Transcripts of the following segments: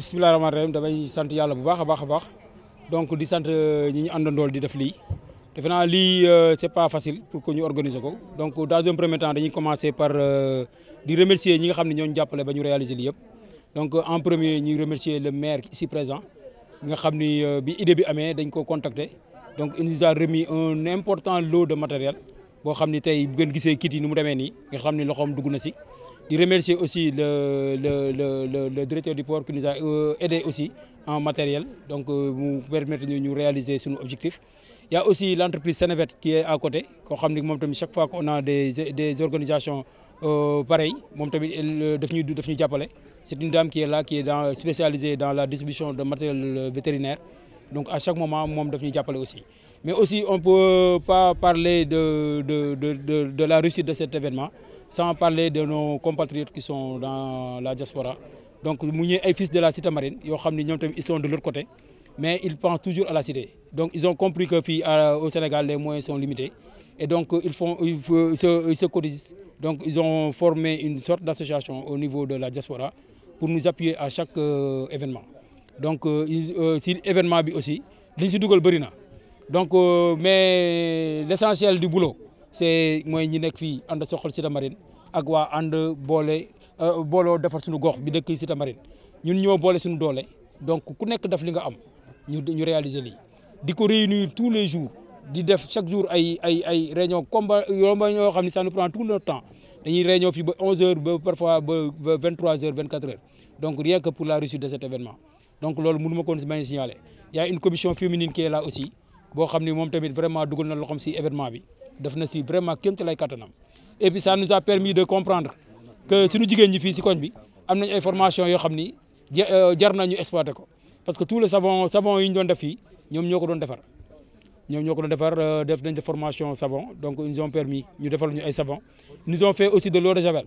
bisimilah rahmaani rahim damay sant yàlla bu baax a baax baax donc di sant euh, ñi ñu àndandool di def lii defe naa lii euh, c' est pas facile pour que ñu organiser ko donc dans un premier temps dañuy commencé par euh, di remercier ñi nga xam ne ñoo jàppale ba ñu réaliser lii yëpp donc en premier ñi remercier le maire i ici présent nga xam ni bi idée bi amee dañ ko contacter donc il nous a remis un important lot de matériel boo xam ni tey bu ngeen gisee kit yi ni mu demee nii nga xam ni loxoom dugg na si. di remercier aussi le le le le le directeur du port qui nous a euh, aidé aussi en matériel donc euh, mu permettre ñu réaliser suñu objectif. ya y a aussi l'entreprise Sénévet ki est à côté ko xam ni moom tamit chaque fois qu'on a des des organisations euh, pareilles moom tamit daf ñuy daf ñuy jàppale c'est une dame qui est là qui est dans spécialisée dans la distribution de matériel vétérinaire donc à chaque moment moom daf ñuy jàppale aussi. mais aussi on peut pas parler de de de de de la réussite de cet événement sans parler de nos compatriotes qui sont dans la diaspora donc mu ñëw ay de la cité marine yoo xam ni ñoom tamit ils sont de l'autre côté mais ils pensent toujours à la cité donc ils ont compris que fii euh, au Sénégal les moyens sont limités et donc euh, ils font ils se cotisent donc ils ont formé une sorte d'association au niveau de la diaspora pour nous appuyer à chaque euh, événement donc euh, euh si événement bi aussi li ñu si dugal bëri na donc mais l'essentiel du boulot c'est mooy ñi nekk fii ànd soxal Cité Marine ak waa ànd boole euh, booloo defar suñu gox bi dëkk Cité Marine ñun ñoo boole suñu doole donc ku nekk def li nga am ñu ñu réaliser lii di ko réunir tous les jours di def chaque jour ay ay ay réunion combat yomba yoo xam ne ça nous prend tout le temps dañuy réunion fii ba 11 heures ba parfois ba 23 heures 24 heures donc rien que pour la réussite de cet événement donc loolu mënu ma ko moom tamit dugal na loxoom si événement bi def na si vraiment kéem ci lay kattanam et puis ça nous a permis de comprendre que suñu jigéen ñi fii si koñ bi am nañ ay formation yoo xam ni na euh, nañu exploiter ko parce que tout le savon savon yi ñu doon def fii ñoom ñoo ko doon defar ñoom ñoo ko doon euh, def nañ de formation savon donc ils nous permis ñu defal ñu ay savon nous ont fait aussi de l'eau de javel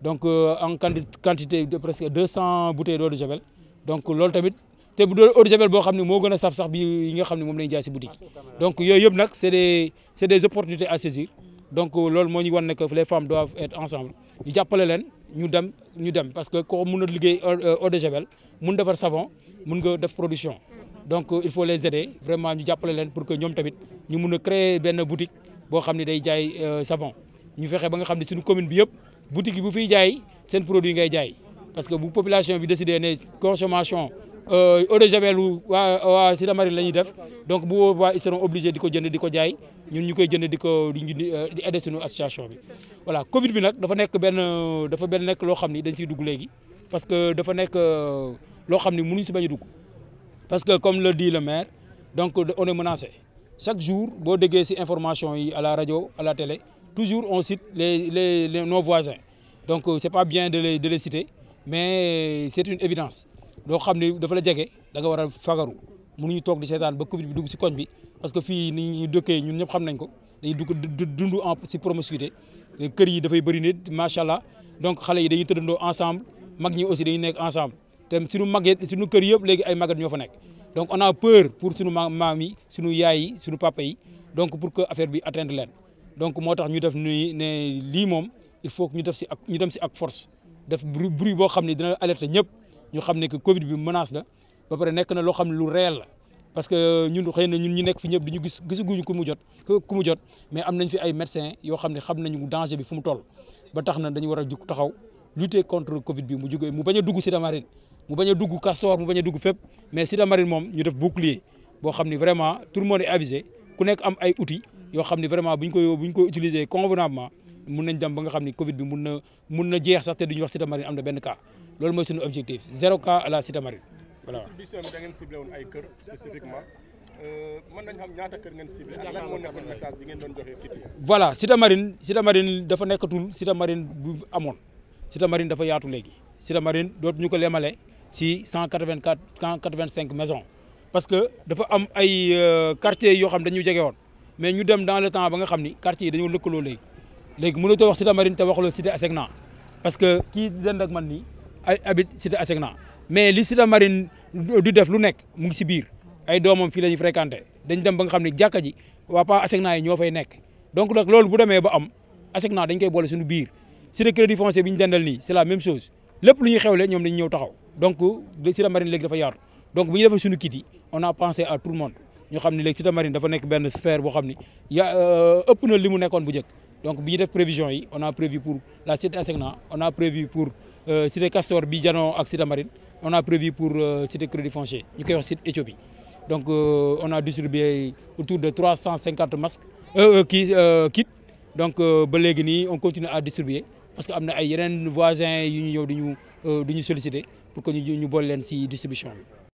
donc euh, en quantité de presque cent bouteilles d'eau de javel donc loolu tamit te bu doon eau de javel boo xam ne moo gën a saf sax bi yi nga xam ne moom la ñu jaay si boutique yi donc yëpp nag c' est des à saisir donc loolu moo ñu wan ne que les femmes doivent être ensemble ñu jàppale leen ñu dem ñu dem parce que ko mun a liggéey euh, eau de javel mun defar savon mun nga def production donc il faut les aider vraiment ñu jàppale leen pour que ñoom tamit ñu mun a créer benn boutique boo xam ne day jaay euh, savon ñu fexe ba nga xam ne suñu commune bi yëpp boutique bu fi jaay seen produit ngay jaay parce que bu population bi décidé ne consommation Euh, eau de javel waa waa Cité Marine la ñuy def donc bu waa ils seront obligés di ko jënd di ko jaay ñun ñu koy jënd di ko di di aider suñu association bi. voilà Covid bi nag dafa nekk benn dafa benn nekk loo xam ni dañ siy dugg léegi parce que dafa nekk euh, loo xam ni mënuñ si bañ a dugg parce que comme le di le maire donc on est menacé chaque jour boo déggee si information yi à la rajo à la télé toujours on cite les les, les nos donc euh, c'est pas bien de les de les citer mais c'est une évidence. loo xam ne dafa la jege danga war a fagaru ñu toog di seetaan ba Covid bi dugg si koñ bi parce que fii ni ñu dëkkee ñun ñëpp xam nañ ko dañuy dugg dund si promiscuité kër yi dafay bëri nit macha allah donc xale yi dañuy tëddandoo ensemble mag ñi aussi dañu nekk ensemble te suñu màgget suñu kër yëpp léegi ay màgget ñoo fa nekk donc on a peur pour suñu maam yi suñu yaay yi suñu papa yi donc pour que affaire bi atteindre leen donc moo tax ñu def ni ne lii moom il faut ñu def si ak ñu dem si ak force def bruit boo xam ne dana alerter ñëpp ñu xam ne que Covid bi menace la ba pare nekk na loo xam ne lu réel la parce que ñun xëy na ñun ñu nekk fi ñëpp duñu gis gisaguñu ku mu jot ku mu jot mais am nañ fi ay médecins yoo xam ne xam nañu danger bi fu mu toll ba tax na dañu war a jug taxaw lutter contre Covid bi mu jugee mu bañ a dugg Sida Marine mu bañ a dugg Castor mu bañ a dugg fépp mais Sida moom ñu def bouclier boo xam ne vraiment tout le monde est avisé ku nekk am ay uti yoo xam ni vraiment bu ñu koy bu ñu koy utiliser convenablement mun nañ dem ba nga xam ne Covid bi mun na mun na jeex sax te duñu wax Sida Marine am na benn cas. loolu mooy suñu objectif zéro cas à la cité marine voilà. woon ay kër spécifiquement euh, mën nañu ñaata kër ngeen ngeen doon joxe kit yi. voilà cité marine cité marine dafa nekkatul cité marine bu amoon cité dafa yaatu léegi cité marine dootuñu ko lemale si cent quatre vingt quatre cent quatre vingt cinq maisons parce que dafa am ay euh, quartiers yoo xam dañu jege woon mais ñu dem dans le temps ba nga xam ni quartiers yi dañoo lëkkaloo léegi léegi mënatoo wax cité marine te waxuloo cité Asegna parce que kii dend ak man nii. ay habite cité mais li cité marine du def lu nekk mu ngi si biir ay doomam fii la ñuy fréquenté dañ dem ba nga xam ne jàkka ji waa pa Asegna yi ñoo fay nekk donc nag loolu bu demee ba am Asegna dañ koy boole suñu biir cité crédit foncier bi ñu dendal nii c'est la même chose lépp lu ñuy xewle ñoom dañu ñëw taxaw donc cité marine léegi dafa yaatu donc bu ñu defee suñu kit yi on a tout le monde ñu xam ne léegi cité marine dafa nekk benn sphère boo xam ne ya euh, ëpp na nekkoon bu njëkk donc bi ñu def prévision yi on a prévu Euh, cité Castor bi janoo ak cité Marine on a prévu pour euh, cité crédit foncier ñu koy wax cité Éthiopie donc euh, on a distribué autour de trois cent cinquante masques kii kit donc ba léegi nii on continue à distribuer parce que am na ay yeneen voisins yu ñu ñëw du ñu di ñu pour que ñu ñu boole leen ci distribution bi.